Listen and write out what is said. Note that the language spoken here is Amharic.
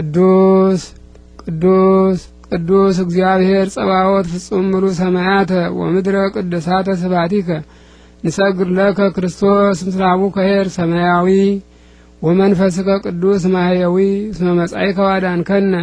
ቅዱስ ቅዱስ ቅዱስ እግዚአብሔር ጸባዖት ፍጹም ምሉእ ሰማያተ ወምድረ ቅዱሳተ ስባቲከ ንሰግድ ለከ ክርስቶስ ምስራቡከ ኄር ሰማያዊ ወመንፈስከ ቅዱስ ማህየዊ እስመ መጻኢከ ዋዳንከነ